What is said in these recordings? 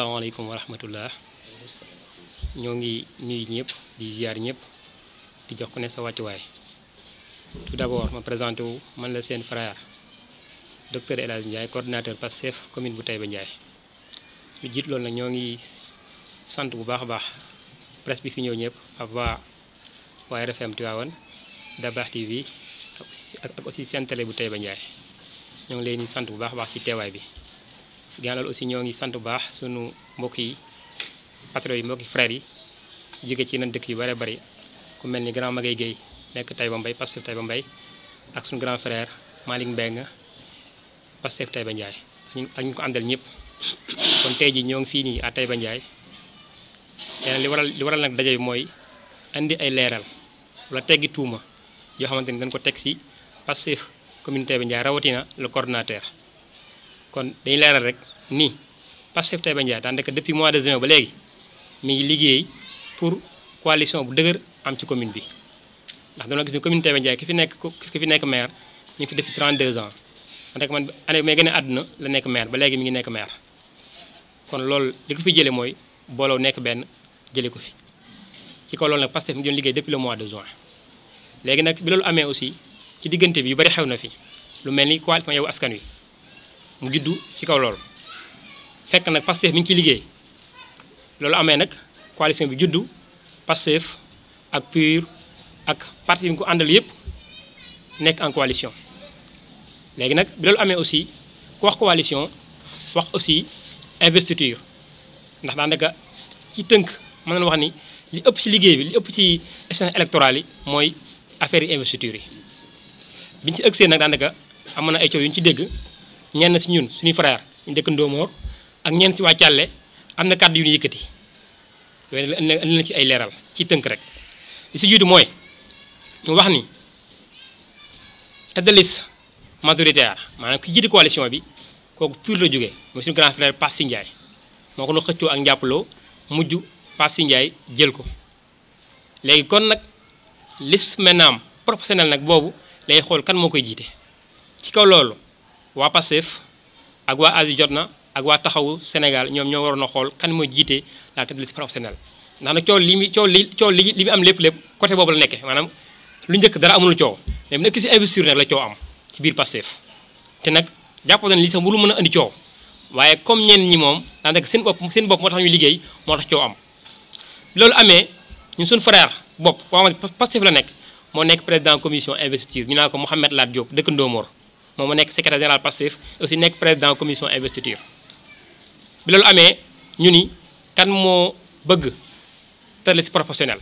asalaamaaleykum wa rahmatullah ñoo ngi nuyu ñëpp di ziar ñëpp di jox ku ne sa wàccuwaay tout d'abord ma présenté wu man la seen frère docteur El Hadj Ndiaye coordinateur Pastef commune bu Taïba Ndiaye lu jiit loolu na ñoo ngi sant bu baax a baax presse bi fi ñëw ñëpp ak waa waa RFM Tivaouane Dabakh TV ak aussi seen télé bu Taïba Ndiaye ñoo ngi leen di sant bu baax baax ci teewaay bi ñaanal aussi ñoo sant bu baax sunu mbokk yi patron yi mbokk frère yi jige ci yeneen dëkk yu bare bari ku melni ni grand Magay Guèye nekk Taïba Mbaye Pastef Taïba Mbaye ak suñu grand frère Malick Mbengue Pastef Taïba Ndiaye ak ñu ko andal ñëpp kon tay ji ñong fi ni a tay Taïba Ndiaye yeneen li waral li waral nak dajay moy andi ay leral wala teggi tuuma yo xamanteni dañ ko tek ci communauté rawatina le coordinateur kon dañ leral rek nii Pastef Taïba Ndiaye daanaka depuis mois de juin ba léegi mi ngi liggéey pour coalition bu dëgër am ci commune bi ndax dañoo gis ne commune Taïba Ndiaye ki fi nekk ki fi nekk maire ñu fi depuis 32 ans rek man année may gën a àdduna la nekk maire ba léegi mi ngi nekk maire kon loolu li ko fi jëlee mooy booloo nekk benn jëlee ko fi ci kaw loolu nag Pastef mi ngi doon liggéey depuis le mois de juin léegi nag bi loolu amee aussi ci diggante bi yu bari xew na fi lu mel ni coalition Yewwi Askan Wi mu juddu ci kaw loolu fekk nag Pastef mi ngi ciy liggéey loolu amee nag coalition bi juddu Pastef ak PUR ak parti bi ko àndal yëpp nekk en coalition. léegi nag bi loolu amee aussi ku wax coalition wax aussi investiture ndax naka ci tënk mën nañu wax ni li ëpp ci liggéey bi li ëpp ci échange électorale yi mooy affaire yi investiture yi biñ ci ëgsee nag daanaka amoon na ay coow yu ñu ci dégg ñenn si ñun suñu frère ñu dëkk Ndoomoor ak ñeent ci waa Càlle am na kàddu yu ñu yëkkati yooyu indi na ci ay leeral ci tënk rek li si jiitu mooy ñu wax ni tête de liste majoritaire maanaam ki jiite coalition bi kooku pur la jóge mooy suñu grand frère Pape Si Ndiaye moo ko xëccoo ak njàppaloo mujj Pape Si jël ko léegi kon nag liste maintenant proportionnel nag boobu lay xool kan moo koy jiite ci kaw loolu waa Pastef ak waa ASI jot na ak waa taxawu Sénégal ñoom ñoo waroon a xool kan mooy jiite la tête professionnelle ndax nag coow li mi coow li coow li li mi am lépp lépp côté boobu la nekkee maanaam lu njëkk dara amul coow mais bu nekk si investiture nag la coow am ci biir Pastef te nag jàpp na li sax bu lu mën a andi coow waaye comme ñenn ñi moom daanaka seen bopp seen bopp moo tax ñuy liggéey moo tax coow am loolu amee ñun suñu frère bopp koo xamante Pastef la nekk moo nekk président commission investiture ñu naa ko Mouhamed Lat Diop dëkk Ndomor moom moo nekk secrétaire général Pastef aussi nekk président commission investiture bi loolu amee ñu ni kan moo bëgg tëral ci professionnel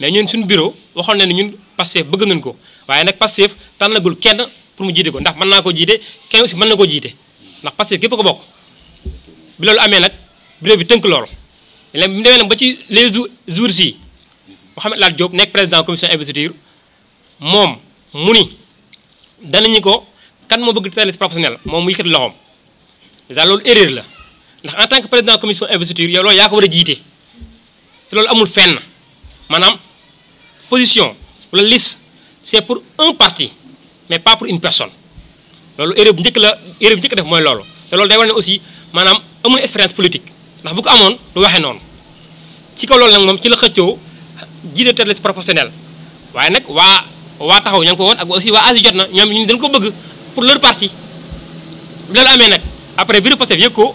mais ñun suñu bureau waxoon na ne ñun Pastef bëgg nañ ko waaye nag Pastef tànnagul kenn pour mu jiite ko ndax mën naa ko jiite kenn si mën na ko jiite ndax Pastef képp ko bokk bi loolu amee nag bureau bi tënk loolu léegi bi mu demee nag ba ci les jours jours si Mouhamed Laat Diop nekk président commission investiture moom mu ni danañu ko kan moo bëgg tëral ci professionnel moom mu yëkkati loxoom déjà loolu erreur la ndax en tant que président commission investiture yow loolu yaa ko war a jiite te loolu amul fenn maanaam position wala list c'est pour un parti mais pas pour une personne loolu erreur bu njëkk la erreur bi njëkk def mooy loolu te loolu day war ne aussi maanaam amul expérience politique ndax bu ko amoon du waxee noonu ci kaw loolu nag moom ci la xëccoo jiite tête liste proportionnelle waaye nag waa waa taxaw ña ko woon ak aussi waa asi jot na ñoom ñu ko bëgg pour leur parti loolu amee nag après biir Pastef yëg ko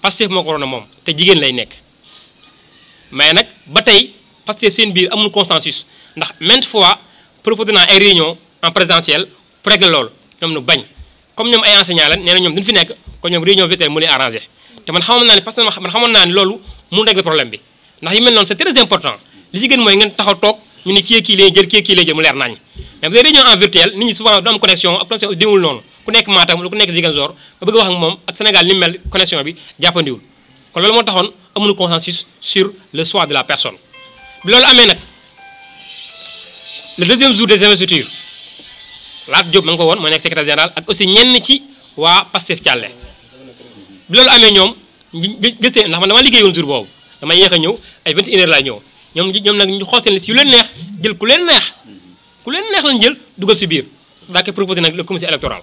Pastef moo ko waroon a moom te jigéen lay nekk mais nag ba tey Pastef seen biir amul consensus ndax maintes fois proposé naa ay réunion en présentiel pour régler loolu ñoom ñu bañ comme ñoom ay enseignants lañ nee na ñoom duñu fi nekk kon ñoom réunion virtuelle mu lay arrangé te man xamoon naa ne parce que man xamoon naa ne loolu mun régler problème bi ndax yu mel noonu c'est très important li ci gën mooy ngeen taxaw toog ñu ne kii kii lay jël kii kii lay jël mu leer nañ mais bu dee réunion en virtuel nit ñi souvent du am connexion ak connexion aussi déwul noonu ku nekk Matam lu ko nekk Ziguinchor ma bëgg wax ak moom ak Sénégal ni mel connexion bi jàppandiwul kon loolu moo taxoon amul consensus sur le choix de la personne bi loolu amee nag le deuxième des investitures Lat Diop ma nga ko woon moo nekk secrétaire général ak aussi ñenn ci waa Pastef Thialé bi loolu amee ñoom jël seen ndax man dama liggéeyoon jour boobu dama yéex a ñëw ay 21 heures laa ñëw ñoom ñoom nag ñu xool seen liste yu leen neex jël ku leen neex ku leen neex lañ jël dugal si biir daa koy proposé nag le comité électoral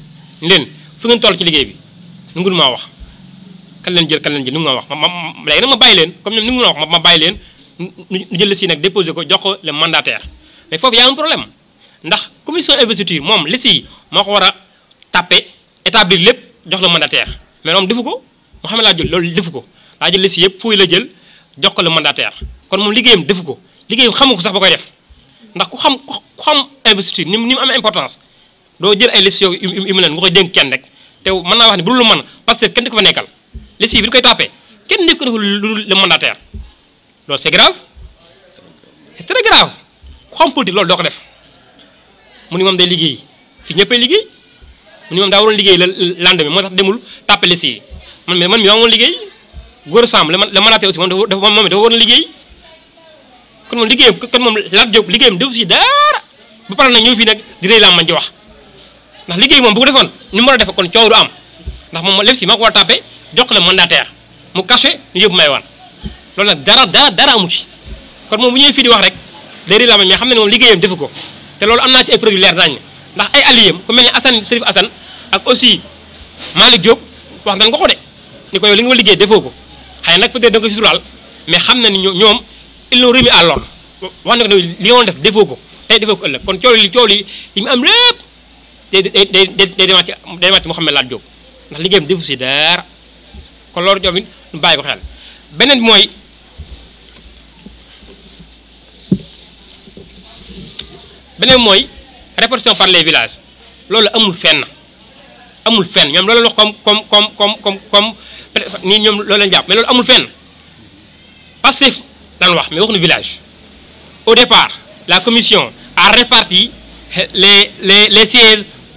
len fu ngeen tol ci liggey bi nu ma wax kan len jël kan len jël nu ma wax ma ma léegi nag ma bàyyi leen comme ñoom nu ma wax ma bay len ñu jël si nak déposer ko jox ko le mandataire mais fofu ya un problème ndax commission investiture mom li ci moo wara tapé établir lepp jox le mandataire mais moom defuko mohammed la jël loolu defuko la jël li si yëpp la jël jox ko le mandataire kon mom liggéeyam defuko ko liggéeyam xamu sax bakoy def ndax ku xam ku xam investiture ni ni am importance doo jël ay liste yow imu leen nga koy dénk kenn rek te mën naa wax ne bu dul mën parce que kenn di ko fa nekkal liste yi bi ñu koy tàppee kenn nekk ko lu dul le mandataire loolu c'est grave loolu doo ko def mu ni moom day liggéey fii ñëppay liggéey mu ni moom daa waroon liggéey la lendemain moo tax demul tàppe liste yi man mais man mi maa woon liggéey goor Samb le mandataire aussi moom dafa moom dafa waroon liggéey kon moom liggéeyam kon moom laaj jóg liggéeyam def si dara ba pare nag ñëw fii nag di laa man ci wax ndax liggéey mom bu ko defon ñu mëna def kon ciowru am ndax mom lepsi mako maa ko war a jox la mandataire mu caché ñu yëp may wan lool nak dara dara dara amu ci kon mom bu ñëw fi di wax rek day réclamé mais xam mom moom liggéeyam defu ko té lool amna ci ay produit leer nañ ndax ay alliés ku melni Assane Serif Assane ak aussi malik Diop wax nañ ko ko dé ni ko yow li nga ko liggéey defoo ko xëy nag peut-être da nga ko sural mais xamna ni ñom ils l'ont remis à l'ordre wax nak li nga def defoo ko tey defoo ko ëllëg kon ciowli ciowli yi am lepp day day de ce répartition par les villages loolu amul amul comme comme comme comme comme comme mais amul fenn passif lan wax mais waxnu village au départ la commission a réparti les les les sièges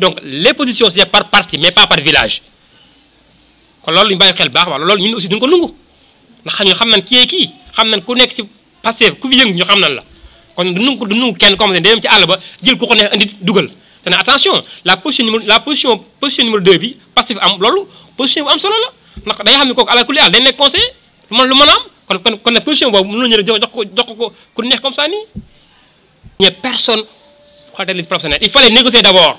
donc les positions c'est par parti mais pas par village kon xel nous aussi duñ ko nungu avons ñu attention la position numéro la position numéro 2 bi position am solo la a personne il fallait négocier d'abord.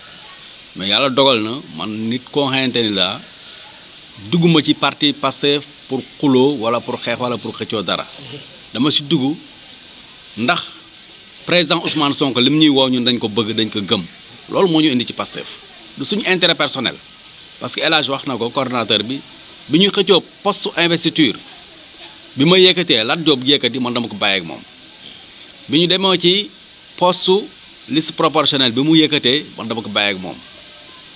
mais yàlla dogal na man nit koo xamante ni laa dugguma ci parti Pastef pour xuloo wala pour xeex wala pour xëccoo dara dama si dugg ndax président sonk li mu ñuy woow ñun dañ ko bëgg dañ ko gëm loolu moo ñu indi ci Pastef du suñu intérêt personnel parce que El wax na ko coordonnateur bi bi ñuy xëccoo poste investiture bi ma yëkkatee Lat Diop yëkkati man dama ko bàyyeeg moom bi ñu demoo ci poste liste proportionnelle bi mu yëkkatee man dama ko bàyyeeg moom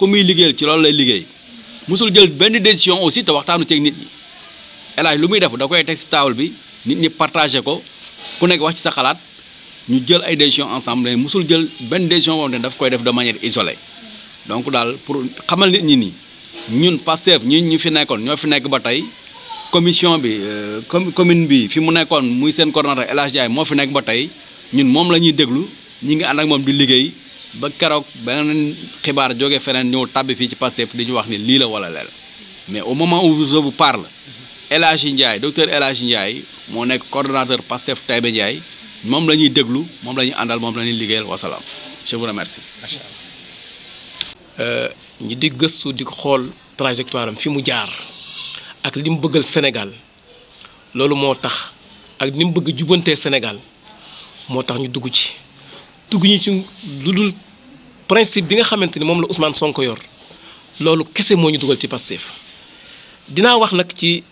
ku muy liggéeyal ci loolu lay liggéey mosul jël benn décision aussi te waxtaanu ceeg nit ñi El lu muy def da koy teg si table bi nit ñi partagé ko ku nekk wax ci sa xalaat ñu jël ay décision ensemble mais musul jël benn décision boobu ne daf koy def de manière isolée donc daal pour xamal nit ñi nii ñun Pastef ñun ñu fi nekkoon ñoo fi nekk ba tey commission bi euh, commune bi fi mu nekkoon muy seen coordonnateur El Hadj moo fi nekk ba tey ñun moom la ñuy déglu ñi ngi ànd moom di liggéey ba keroog beneen xibaar jóge feneen ñëw tàbbi fii ci Pastef di ñu wax ni lii la wala lee mais au moment où je vous parle El Hadji Ndiaye docteur El Hadji Ndiaye moo nekk coordonnateur Pastef Taïba Ndiaye moom la ñuy déglu moom la ñuy àndal moom la ñuy liggéeyal wasalaam je vous remercie. Euh, ñi di gëstu di xool trajectoire am fi mu jaar ak li mu bëggal Sénégal loolu moo tax ak ni mu bëgg jubantee Sénégal moo tax ñu dugg ci. dugguñu ci lu dul principe bi nga xamante ni moom la Ousmane Sonko yor loolu kese moo ñu dugal ci Pastef dinaa wax nag ci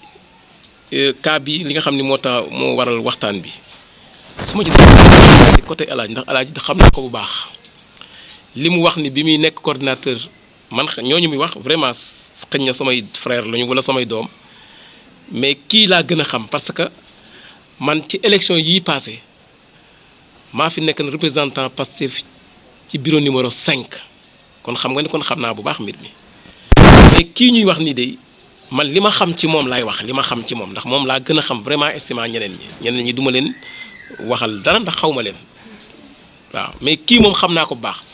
euh, cas bi li nga xam ni moo tax moo waral waxtaan bi su ma ci ci côté El Hadj ndax El Hadj xam na ko bu baax li mu wax ni bi muy nekk coordinateur man ñooñu muy wax vraiment xëñ na samay frère lañu wala samay doom mais kii laa gën a xam parce que man ci élection yii passé maa fi nekk na représentant Pastef ci bureau numéro cinq kon xam nga ni kon xam naa bu baax mbir mi te kii ñuy wax nii de man li ma xam ci moom laay wax li ma xam ci moom ndax moom laa gën a xam vraiment estimant ñeneen ñi ñeneen ñi duma leen waxal dara ndax xaw ma leen waaw mais kii moom xam naa ko bu baax.